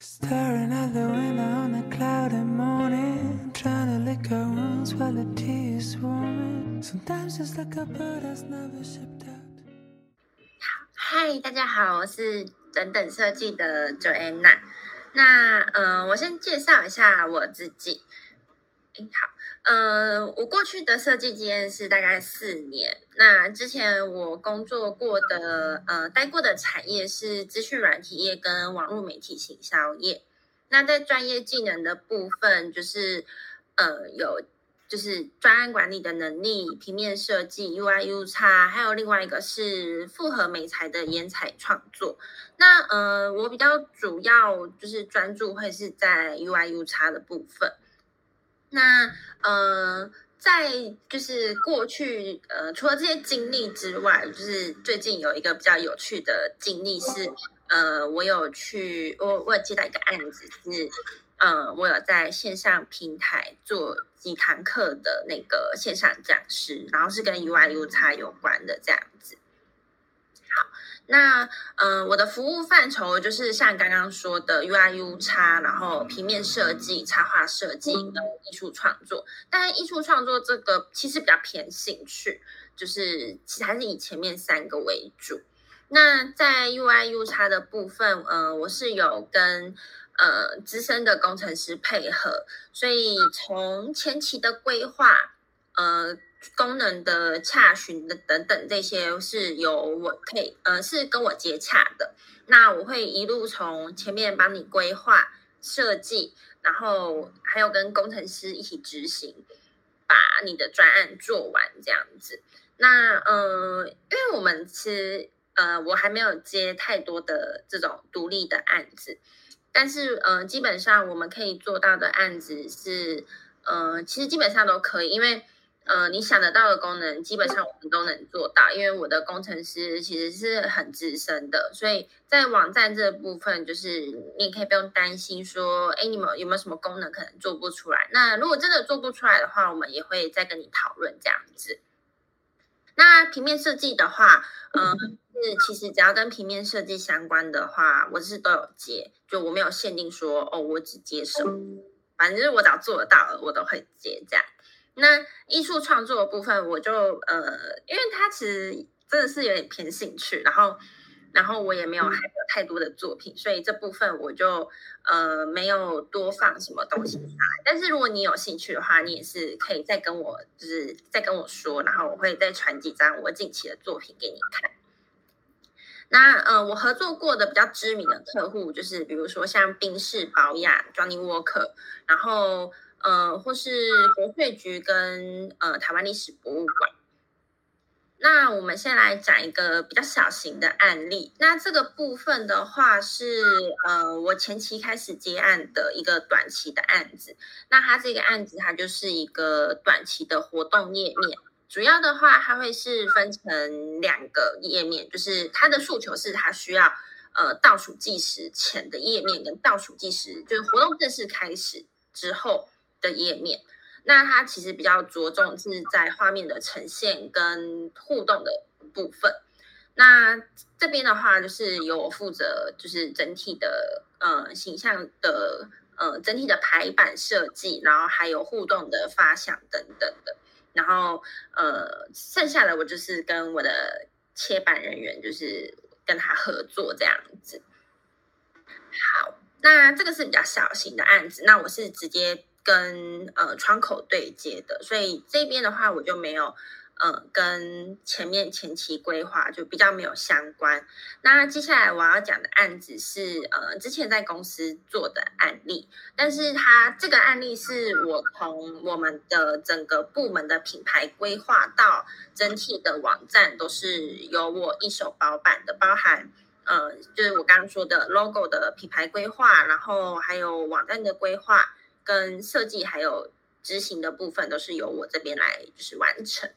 嗨，Hi，大家好，我是等等設計的 Joanna。那，嗯、呃，我先介紹一下我自己。欸、好。嗯、呃，我過去的設計經驗是大概四年。那之前我工作過的，呃，待過的產業是資訊軟體業跟網絡媒體行銷業。那在專業技能的部分，就是呃，有就是專案管理的能力、平面設計、UIU x 還有另外一個是複合美材的顏彩創作。那呃，我比較主要就是專注會是在 UIU x 的部分。那呃，在就是過去呃，除了這些經歷之外，就是最近有一個比較有趣的經歷是，呃，我有去我我有接到一個案子是，呃，我有在線上平台做幾堂課的那個線上講師，然後是跟 UIUX 有關的這樣子。那嗯、呃，我的服務範疇就是像剛剛說的 UIUX 然後平面設計、插畫設計跟藝術創作。但藝術創作這個其實比較偏興趣，就是其實還是以前面三個為主。那在 UIUX 的部分，呃，我是有跟呃資深的工程師配合，所以從前期的規劃，呃。功能的洽詢的等等這些是由我可以呃是跟我接洽的，那我會一路從前面幫你規劃設計，然後還有跟工程師一起執行，把你的專案做完這樣子。那嗯、呃，因為我們是呃我還沒有接太多的這種獨立的案子，但是嗯、呃，基本上我們可以做到的案子是嗯、呃，其實基本上都可以，因為。嗯、呃，你想得到的功能，基本上我們都能做到，因為我的工程師其實是很資深的，所以在網站這部分，就是你也可以不用擔心說，哎，你們有沒有什麼功能可能做不出來？那如果真的做不出來的話，我們也會再跟你討論這樣子。那平面設計的話，嗯、呃，是其實只要跟平面設計相關的話，我是都有接，就我沒有限定說哦，我只接受，反正我只要做得到了，我都會接這樣。那藝術創作的部分，我就呃，因為它其實真的是有點偏興趣，然後，然後我也沒有還有太多的作品，所以這部分我就呃沒有多放什麼東西出來。但是如果你有興趣的話，你也是可以再跟我就是再跟我說，然後我會再傳幾張我近期的作品給你看。那呃，我合作過的比較知名的客戶就是，比如說像賓士、寶雅 （Johnnie Walker），然後。呃，或是國稅局跟呃台灣歷史博物館。那我們先來講一個比較小型的案例。那這個部分的話是呃我前期開始接案的一個短期的案子。那它這個案子它就是一個短期的活動頁面，主要的話它會是分成兩個頁面，就是它的訴求是它需要呃倒數計時前的頁面跟倒數計時，就是活動正式開始之後。的頁面，那它其實比較着重是在畫面的呈現跟互動的部分。那這邊的話，就是由我負責，就是整體的呃形象的呃整體的排版設計，然後還有互動的發想等等的。然後呃，剩下的我就是跟我的切版人員，就是跟他合作這樣子。好，那這個是比較小型的案子，那我是直接。跟呃窗口對接的，所以這邊的話我就沒有呃跟前面前期規劃就比較沒有相關。那接下來我要講的案子是呃之前在公司做的案例，但是他這個案例是我從我們的整個部門的品牌規劃到整體的網站都是由我一手包辦的，包含呃就是我剛剛說的 logo 的品牌規劃，然後還有網站的規劃。跟設計還有執行的部分都是由我這邊來就是完成。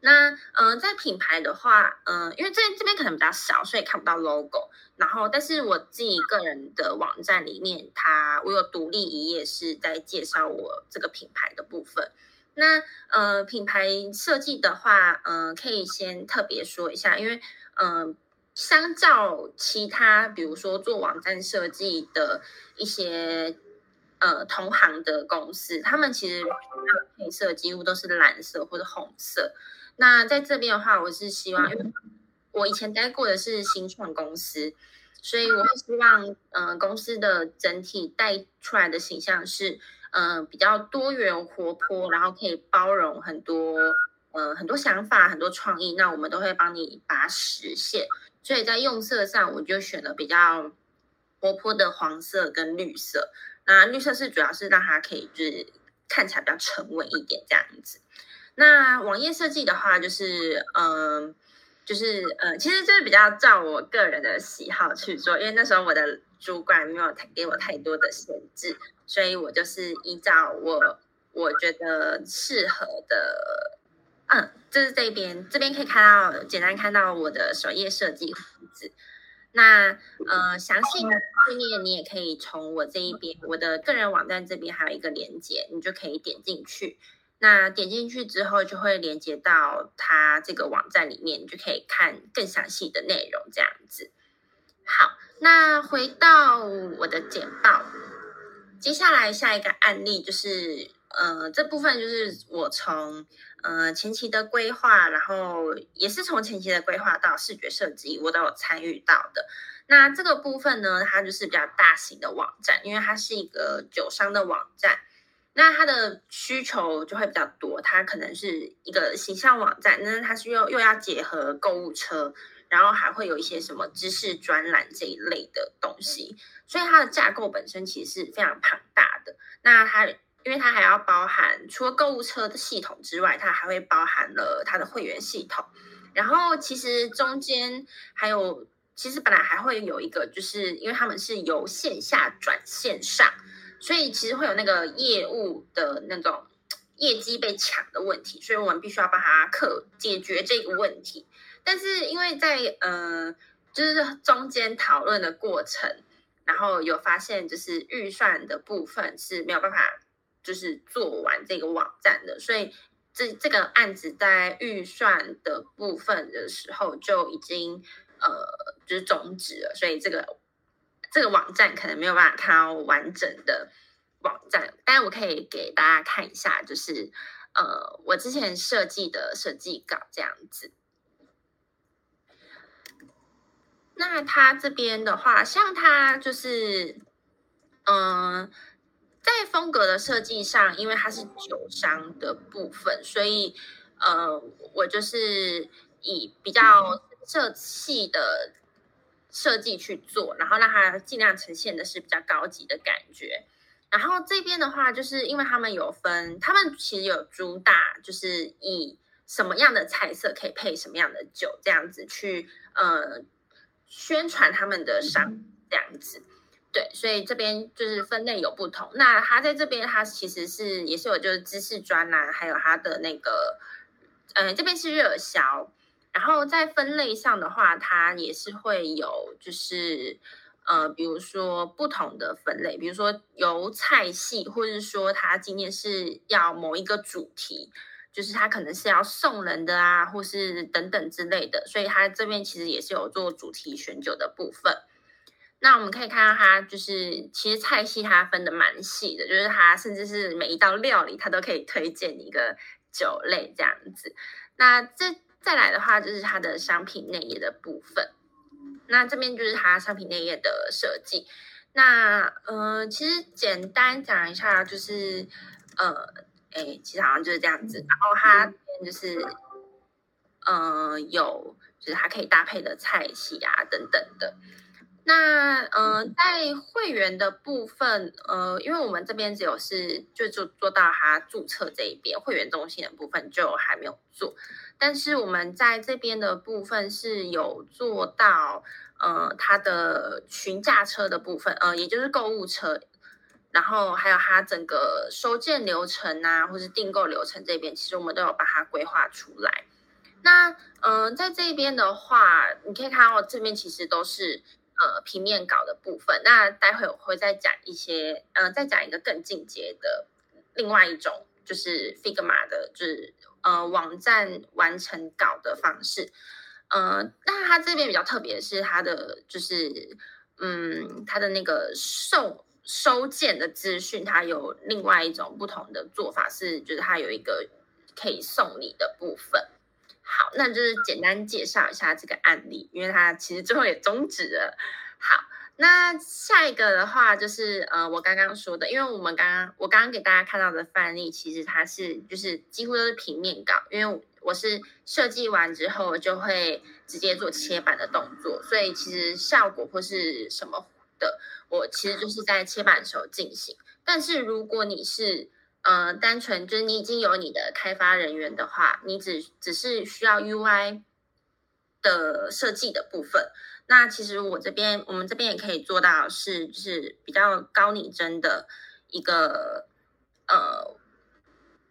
那呃，在品牌的話，嗯、呃，因為在這邊可能比較少，所以看不到 logo。然後，但是我自己個人的網站裡面，它我有獨立一頁是在介紹我這個品牌的部分。那呃，品牌設計的話，嗯、呃，可以先特別說一下，因為嗯、呃，相較其他，比如說做網站設計的一些。呃，同行的公司，他們其實配色幾乎都是藍色或者紅色。那在這邊的話，我是希望，因為我以前待過的是新創公司，所以我會希望，嗯、呃，公司的整體帶出來的形象是，嗯、呃，比較多元活潑，然後可以包容很多，呃，很多想法，很多創意。那我們都會幫你把它實現。所以在用色上，我就選了比較活潑的黃色跟綠色。那、啊、綠色是主要是讓它可以就是看起來比較沉穩一點這樣子。那網頁設計的話，就是呃，就是嗯，就是呃，其實就是比較照我個人的喜好去做，因為那時候我的主管沒有給我太、給我太多的限制，所以我就是依照我我覺得適合的。嗯，這、就是這邊，這邊可以看到，簡單看到我的首頁設計樣子。那呃，詳細的作你也可以從我這一邊，我的個人網站這邊還有一個連接，你就可以點進去。那點進去之後，就會連接到他這個網站裡面，你就可以看更詳細的內容這樣子。好，那回到我的簡報，接下來下一個案例就是，呃，這部分就是我從。呃，前期的規劃，然後也是從前期的規劃到視覺設計，我都有參與到的。那這個部分呢，它就是比較大型的網站，因為它是一個酒商的網站，那它的需求就會比較多。它可能是一個形象網站，但是它是又又要結合購物車，然後還會有一些什麼知識專欄這一類的東西，所以它的架構本身其實是非常龐大的。那它。因為它，還要包含除了購物車的系統之外，它還會包含了它的會員系統。然後其實中間還有，其實本來還會有一個，就是因為他們是由線下轉線上，所以其實會有那個業務的那種業績被搶的問題，所以我們必須要幫他克解決這個問題。但是因為在呃，就是中間討論的過程，然後有發現就是預算的部分是沒有辦法。就是做完這個網站的，所以這這個案子在預算的部分的時候就已經呃，就是終止了。所以這個這個網站可能沒有辦法看到完整的網站，但我可以給大家看一下，就是呃，我之前設計的設計稿這樣子。那他這邊的話，像他就是嗯。呃在風格的設計上，因為它是酒商的部分，所以呃，我就是以比較色系的設計去做，然後讓它盡量呈現的是比較高級的感覺。然後這邊的話，就是因為他們有分，他們其實有主打，就是以什麼樣的菜色可以配什麼樣的酒，這樣子去呃宣傳他們的商，這樣子。對，所以這邊就是分類有不同。那他在這邊，他其實是也是有就是知識專欄、啊，還有他的那個，嗯、呃，這邊是熱銷。然後在分類上的話，它也是會有就是呃，比如說不同的分類，比如說由菜系，或者是說它今天是要某一個主題，就是它可能是要送人的啊，或是等等之類的。所以它這邊其實也是有做主題選酒的部分。那我們可以看到，它就是其實菜系它分的蠻細的，就是它甚至是每一道料理，它都可以推薦一個酒類這樣子。那再再來的話，就是它的商品內頁的部分。那這邊就是它商品內頁的設計。那嗯、呃，其實簡單講一下，就是呃，哎，其實好像就是這樣子。然後它就是嗯、呃，有就是它可以搭配的菜系啊等等的。那嗯、呃，在會員的部分，呃，因為我們這邊只有是就做做到他注冊這一邊，會員中心的部分就還沒有做。但是我們在這邊的部分是有做到，呃，他的詢價車的部分，呃，也就是購物車，然後還有他整個收件流程啊，或是訂購流程這邊，其實我們都有把它規劃出來。那嗯、呃，在這邊的話，你可以看到這邊其實都是。呃，平面稿的部分，那待會我會再講一些，嗯、呃，再講一個更進階的，另外一種就是 Figma 的，就是呃，網站完成稿的方式，呃，那它這邊比較特別是它的就是，嗯，它的那個送收，收件的資訊，它有另外一種不同的做法，是就是它有一個可以送禮的部分。好，那就是簡單介紹一下這個案例，因為它其實最後也終止了。好，那下一個的話就是呃，我剛剛說的，因為我們剛剛我剛剛給大家看到的範例，其實它是就是幾乎都是平面稿，因為我是設計完之後就會直接做切板的動作，所以其實效果或是什麼的，我其實就是在切板的時候進行。但是如果你是呃，單純就是你已經有你的開發人員的話，你只只是需要 UI 的設計的部分。那其實我這邊，我們這邊也可以做到是就是比較高擬真的一個呃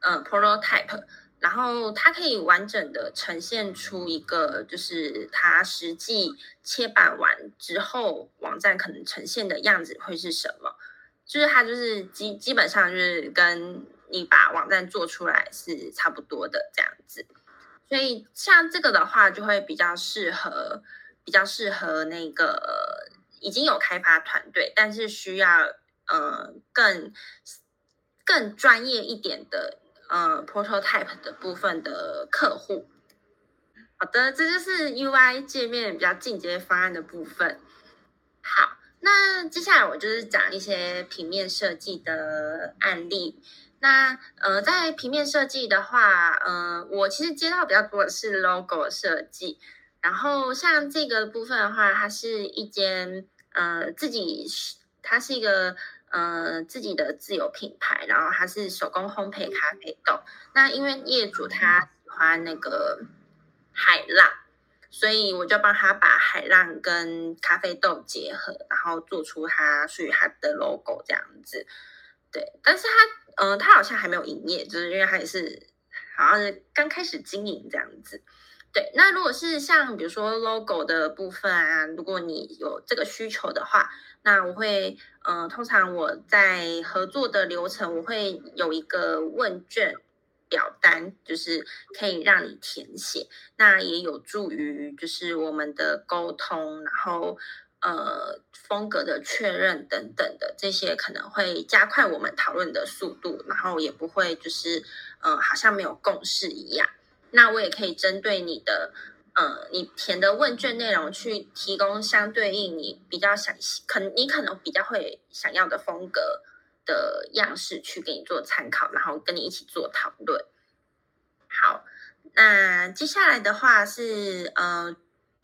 呃 prototype，然後它可以完整的呈現出一個就是它實際切版完之後網站可能呈現的樣子會是什麼。就是它，就是基基本上就是跟你把網站做出來是差不多的這樣子，所以像這個的話，就會比較適合比較適合那個已經有開發團隊，但是需要呃更更專業一點的呃 prototype 的部分的客戶。好的，這就是 UI 界面比較進階方案的部分。好。那接下來我就是講一些平面設計的案例。那呃，在平面設計的話，呃，我其實接到比較多的是 logo 設計。然後像這個部分的話，它是一間呃自己，它是一個呃自己的自有品牌，然後它是手工烘焙咖啡豆。那因為業主他喜歡那個海浪。所以我就幫他把海浪跟咖啡豆結合，然後做出他屬於他的 logo 這樣子。對，但是他嗯、呃，他好像還沒有營業，就是因為他也是好像是剛開始經營這樣子。對，那如果是像比如說 logo 的部分啊，如果你有這個需求的話，那我會嗯、呃，通常我在合作的流程，我會有一個問卷。表單就是可以讓你填寫，那也有助於就是我們的溝通，然後呃風格的確認等等的這些可能會加快我們討論的速度，然後也不會就是嗯、呃、好像沒有共識一樣。那我也可以針對你的呃你填的問卷內容去提供相對應你比較想，可能你可能比較會想要的風格的樣式去給你做參考，然後跟你一起做討論。好，那接下來的話是呃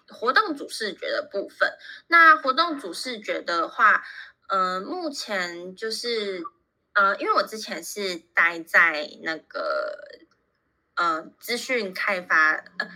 活動主視覺的部分。那活動主視覺的話，呃，目前就是呃，因為我之前是待在那個呃資訊開發呃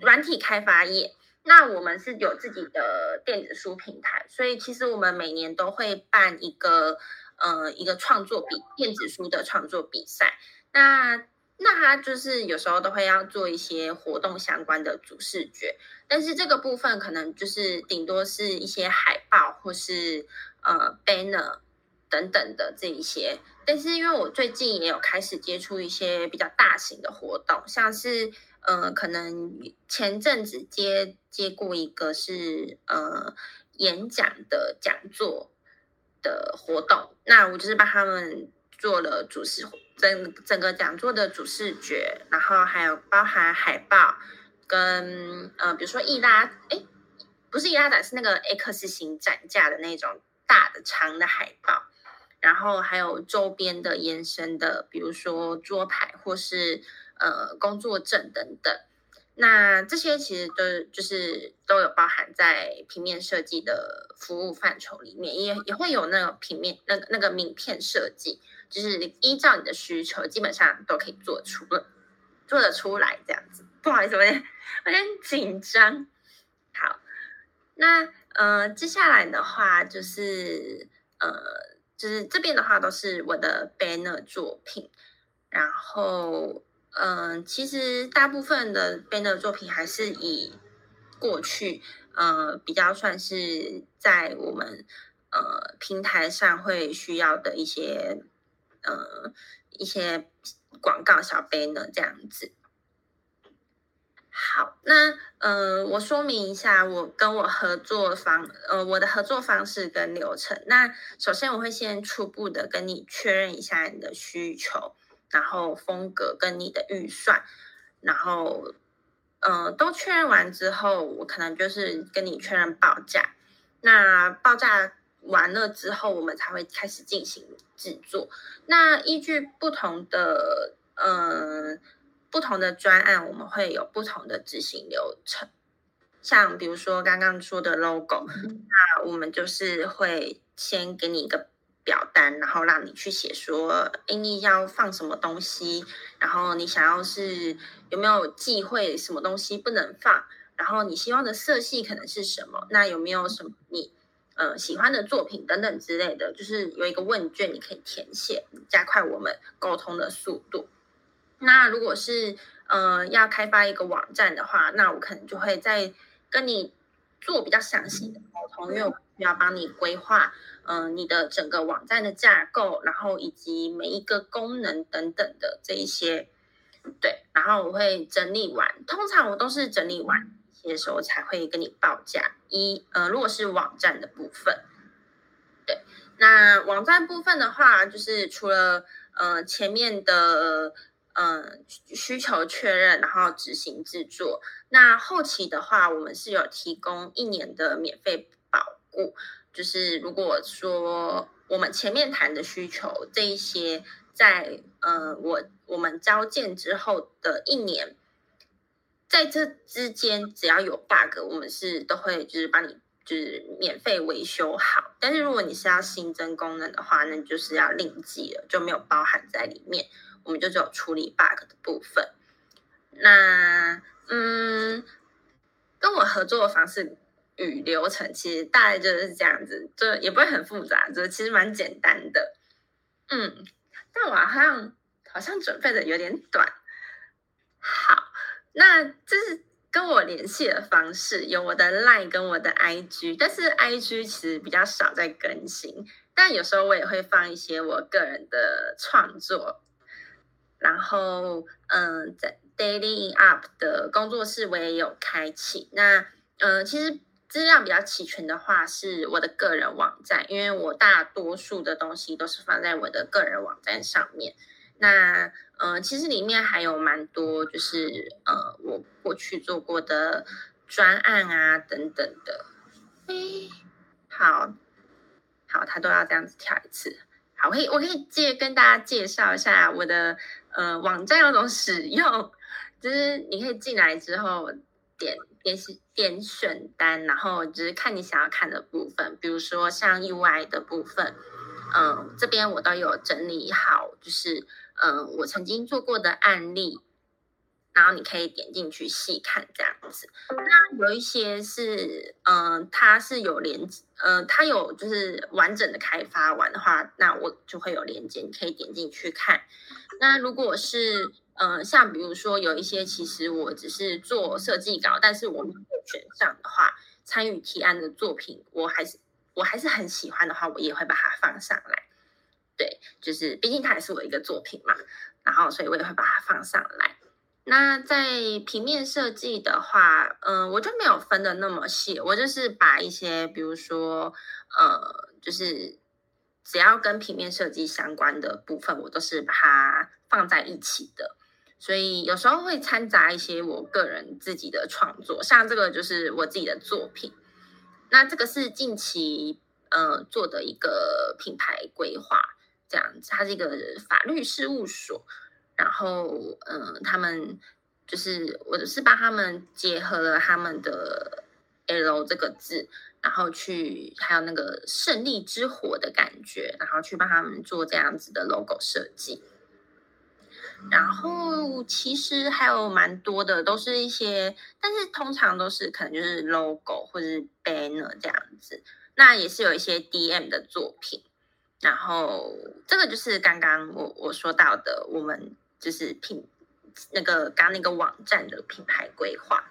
軟體開發業，那我們是有自己的電子書平台，所以其實我們每年都會辦一個。呃，一個創作比電子書的創作比賽，那那他就是有時候都會要做一些活動相關的主視覺，但是這個部分可能就是頂多是一些海報或是呃 Banner 等等的這一些，但是因為我最近也有開始接觸一些比較大型的活動，像是呃可能前陣子接接過一個是呃演講的講座的活動，那我就是幫他們做了主視整整個講座的主視覺，然後還有包含海報跟呃，比如說易拉哎，不是易拉展，是那個 X 型展架的那種大的長的海報，然後還有周邊的延伸的，比如說桌牌或是呃工作證等等。那這些其實都就是都有包含在平面設計的服務範疇裡面，也也會有那個平面那個、那個名片設計，就是依照你的需求，基本上都可以做出了，做得出來這樣子。不好意思，我有點，點緊張。好，那呃接下來的話就是呃就是這邊的話都是我的 Banner 作品，然後。嗯、呃，其實大部分的 banner 作品還是以過去，呃，比較算是在我們呃平台上會需要的一些呃一些廣告小 banner 這樣子。好，那嗯、呃，我說明一下我跟我合作方呃我的合作方式跟流程。那首先我會先初步的跟你確認一下你的需求。然後風格跟你的預算，然後呃都確認完之後，我可能就是跟你確認報價。那報價完了之後，我們才會開始進行製作。那依據不同的嗯，呃，不同的專案，我們會有不同的執行流程。像比如說剛剛說的 logo，嗯，那我們就是會先給你一個。表單，然後讓你去寫，說，哎，你要放什麼東西，然後你想要是有沒有忌諱什麼東西不能放，然後你希望的色系可能是什麼，那有沒有什麼你，呃，喜歡的作品等等之類的，就是有一個問卷你可以填寫，加快我們溝通的速度。那如果是，呃，要開發一個網站的話，那我可能就會再跟你做比較詳細的溝通，要幫你規劃，嗯、呃，你的整個網站的架構，然後以及每一個功能等等的這一些，對，然後我會整理完，通常我都是整理完一些時候才會跟你報價。一，呃，如果是網站的部分，對，那網站部分的話，就是除了呃前面的呃需求確認，然後執行製作，那後期的話，我們是有提供一年的免費。就是，如果說我們前面談的需求這一些在，在呃，我我們交件之後的一年，在這之間只要有 bug，我們是都會就是幫你就是免費維修好。但是如果你是要新增功能的話，那你就是要另計了，就沒有包含在裡面。我們就只有處理 bug 的部分。那嗯，跟我合作的方式。語流程其實大概就是這樣子，就也不會很複雜，就其實蠻簡單的。嗯，但我好像好像準備的有點短。好，那這是跟我聯繫的方式，有我的 Line 跟我的 IG，但是 IG 其實比較少在更新，但有時候我也會放一些我個人的創作。然後，嗯、呃，在 DayinUP 的工作室我也有開啟。那，嗯、呃，其實。資料比較齊全的話是我的個人網站，因為我大多數的東西都是放在我的個人網站上面。那呃，其實裡面還有蠻多，就是呃，我過去做過的專案啊等等的。哎，好好，他都要這樣子跳一次。好，我可以我可以介跟大家介紹一下我的呃網站怎麼使用，就是你可以進來之後點，點點選單，然後就是看你想要看的部分，比如說像 UI 的部分，嗯、呃，這邊我都有整理好，就是嗯、呃，我曾經做過的案例，然後你可以點進去細看這樣子。那有一些是嗯、呃，它是有連，嗯、呃，它有就是完整的開發完的話，那我就會有連接，你可以點進去看。那如果是嗯、呃，像比如說有一些，其實我只是做設計稿，但是我沒有選上的話，參與提案的作品，我還是我還是很喜歡的話，我也會把它放上來。對，就是畢竟它也是我一個作品嘛，然後所以我也會把它放上來。那在平面設計的話，嗯、呃，我就沒有分的那麼細，我就是把一些，比如說，呃，就是只要跟平面設計相關的部分，我都是把它放在一起的。所以有時候會摻雜一些我個人自己的創作，像這個就是我自己的作品。那這個是近期呃做的一個品牌規劃，這樣子，它是一個法律事務所，然後嗯、呃，他們就是我就是幫他們結合了他們的 “L” 這個字，然後去還有那個勝利之火的感覺，然後去幫他們做這樣子的 logo 設計。然後其實還有蠻多的，都是一些，但是通常都是可能就是 logo 或是 banner 這樣子，那也是有一些 DM 的作品。然後這個就是剛剛我我說到的，我們就是品那個剛剛那個網站的品牌規劃。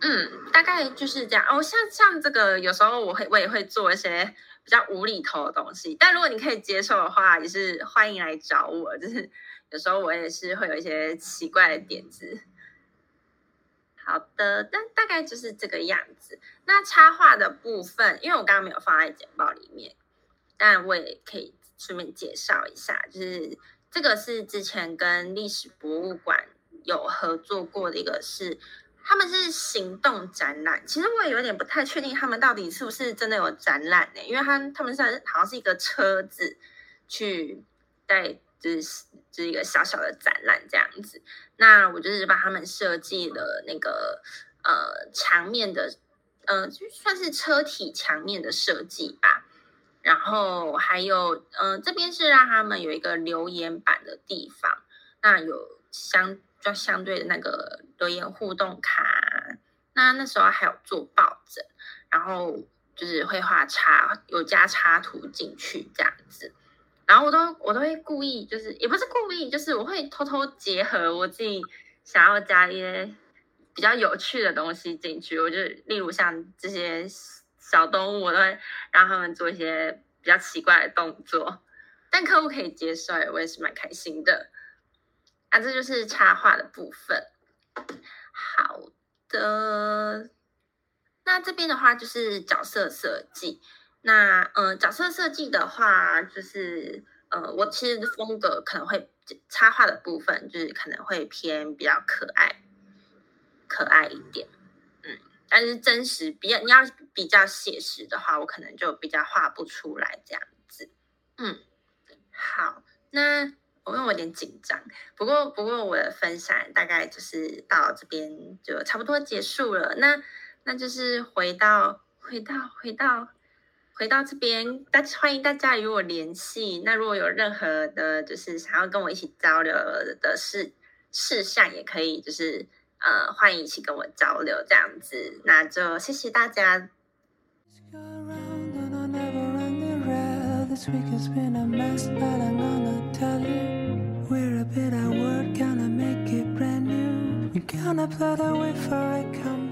嗯，大概就是這樣哦。像像這個有時候我會我也會做一些比較無厘頭的東西，但如果你可以接受的話，也是歡迎來找我，就是。有時候我也是會有一些奇怪的點子。好的，但大概就是這個樣子。那插畫的部分，因為我剛剛沒有放在簡報裡面，但我也可以順便介紹一下。就是這個是之前跟歷史博物館有合作過的一個事，他們是行動展覽。其實我也有點不太確定他們到底是不是真的有展覽呢、欸，因為他他們是好像是一個車子去帶。就是這、就是一個小小的展覽這樣子，那我就是幫他們設計了那個呃牆面的，嗯、呃，就算是車體牆面的設計吧。然後還有，嗯、呃，這邊是讓他們有一個留言板的地方，那有相就相對的那個留言互動卡。那那時候還有做抱枕，然後就是會畫插有加插圖進去這樣子。然後我都我都會故意，就是也不是故意，就是我會偷偷結合我自己想要加一些比較有趣的東西進去。我就例如像這些小動物，我都會讓他們做一些比較奇怪的動作，但客戶可以接受，我也是蠻開心的。啊，這就是插畫的部分。好的，那這邊的話就是角色設計。那嗯，呃，角色設計的話，就是呃，我其實風格可能會插畫的部分，就是可能會偏比較可愛，可愛一點，嗯，但是真實比較你要比較寫實的話，我可能就比較畫不出來這樣子，嗯，好，那我因為我有點緊張，不過不過我的分享大概就是到這邊就差不多結束了，那那就是回到回到回到。回到回到這邊，大歡迎大家與我聯繫。那如果有任何的，就是想要跟我一起交流的事事項，也可以就是呃，歡迎一起跟我交流這樣子。那就謝謝大家。